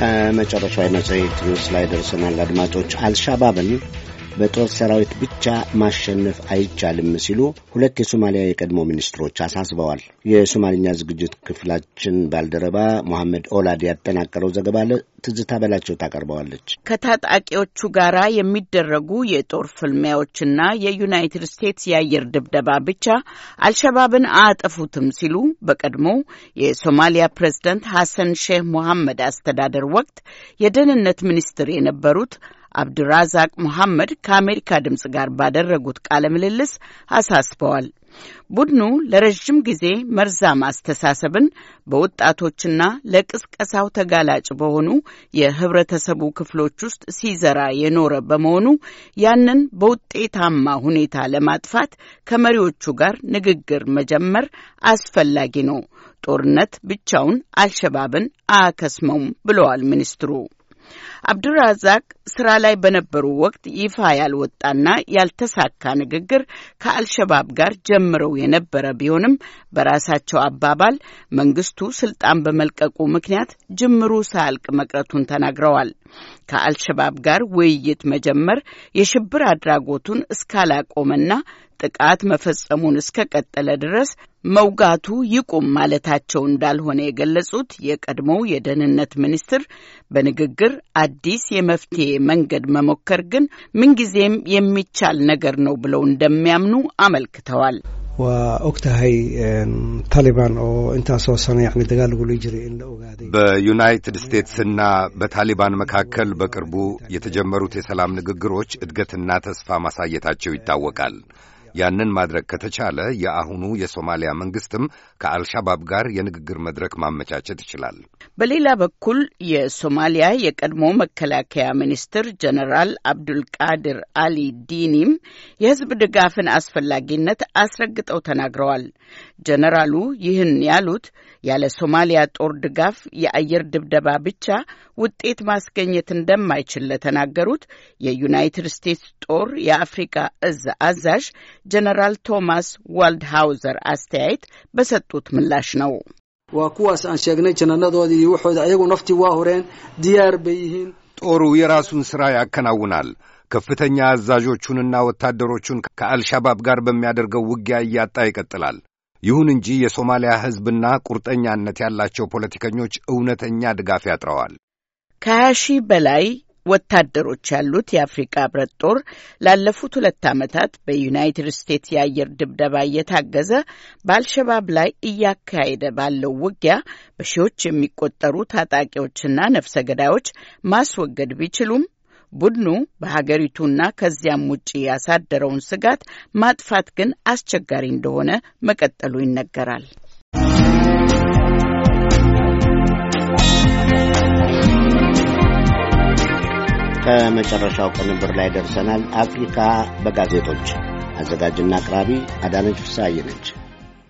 ከመጨረሻው የመጽሔት ርዕስ ላይ ደርሰናል። አድማጮች አልሻባብን በጦር ሰራዊት ብቻ ማሸነፍ አይቻልም ሲሉ ሁለት የሶማሊያ የቀድሞ ሚኒስትሮች አሳስበዋል። የሶማሊኛ ዝግጅት ክፍላችን ባልደረባ ሞሐመድ ኦላድ ያጠናቀረው ዘገባ ትዝታ በላቸው ታቀርበዋለች። ከታጣቂዎቹ ጋር የሚደረጉ የጦር ፍልሚያዎችና የዩናይትድ ስቴትስ የአየር ድብደባ ብቻ አልሸባብን አያጠፉትም ሲሉ በቀድሞ የሶማሊያ ፕሬዝደንት ሐሰን ሼህ ሙሐመድ አስተዳደር ወቅት የደህንነት ሚኒስትር የነበሩት አብድራዛቅ ሙሐመድ ከአሜሪካ ድምፅ ጋር ባደረጉት ቃለ ምልልስ አሳስበዋል። ቡድኑ ለረዥም ጊዜ መርዛማ አስተሳሰብን በወጣቶችና ለቅስቀሳው ተጋላጭ በሆኑ የህብረተሰቡ ክፍሎች ውስጥ ሲዘራ የኖረ በመሆኑ ያንን በውጤታማ ሁኔታ ለማጥፋት ከመሪዎቹ ጋር ንግግር መጀመር አስፈላጊ ነው። ጦርነት ብቻውን አልሸባብን አያከስመውም ብለዋል ሚኒስትሩ። አብዱራዛቅ ስራ ላይ በነበሩ ወቅት ይፋ ያልወጣና ያልተሳካ ንግግር ከአልሸባብ ጋር ጀምረው የነበረ ቢሆንም በራሳቸው አባባል መንግስቱ ስልጣን በመልቀቁ ምክንያት ጅምሩ ሳያልቅ መቅረቱን ተናግረዋል። ከአልሸባብ ጋር ውይይት መጀመር የሽብር አድራጎቱን እስካላቆመና ጥቃት መፈጸሙን እስከቀጠለ ድረስ መውጋቱ ይቁም ማለታቸው እንዳልሆነ የገለጹት የቀድሞው የደህንነት ሚኒስትር በንግግር አዲስ የመፍትሄ መንገድ መሞከር ግን ምንጊዜም የሚቻል ነገር ነው ብለው እንደሚያምኑ አመልክተዋል። በዩናይትድ ስቴትስና በታሊባን መካከል በቅርቡ የተጀመሩት የሰላም ንግግሮች እድገትና ተስፋ ማሳየታቸው ይታወቃል። ያንን ማድረግ ከተቻለ የአሁኑ የሶማሊያ መንግስትም ከአልሻባብ ጋር የንግግር መድረክ ማመቻቸት ይችላል። በሌላ በኩል የሶማሊያ የቀድሞ መከላከያ ሚኒስትር ጀነራል አብዱልቃድር አሊ ዲኒም የህዝብ ድጋፍን አስፈላጊነት አስረግጠው ተናግረዋል። ጀነራሉ ይህን ያሉት ያለ ሶማሊያ ጦር ድጋፍ የአየር ድብደባ ብቻ ውጤት ማስገኘት እንደማይችል ለተናገሩት የዩናይትድ ስቴትስ ጦር የአፍሪካ እዝ አዛዥ ጀነራል ቶማስ ዋልድሃውዘር አስተያየት በሰጡት ምላሽ ነው። waa kuwaas aan sheegnay jananadoodii iyo waxooda ayagu naftii waa horeen diyaar bay yihiin ጦሩ የራሱን ሥራ ያከናውናል። ከፍተኛ አዛዦቹንና ወታደሮቹን ከአልሻባብ ጋር በሚያደርገው ውጊያ እያጣ ይቀጥላል። ይሁን እንጂ የሶማሊያ ሕዝብና ቁርጠኛነት ያላቸው ፖለቲከኞች እውነተኛ ድጋፍ ያጥረዋል። ከሀያ ሺህ በላይ ወታደሮች ያሉት የአፍሪካ ህብረት ጦር ላለፉት ሁለት ዓመታት በዩናይትድ ስቴትስ የአየር ድብደባ እየታገዘ በአልሸባብ ላይ እያካሄደ ባለው ውጊያ በሺዎች የሚቆጠሩ ታጣቂዎችና ነፍሰ ገዳዮች ማስወገድ ቢችሉም ቡድኑ በሀገሪቱና ከዚያም ውጭ ያሳደረውን ስጋት ማጥፋት ግን አስቸጋሪ እንደሆነ መቀጠሉ ይነገራል። ከመጨረሻው ቅንብር ላይ ደርሰናል። አፍሪካ በጋዜጦች አዘጋጅና አቅራቢ አዳነች ፍስሐዬ ነች።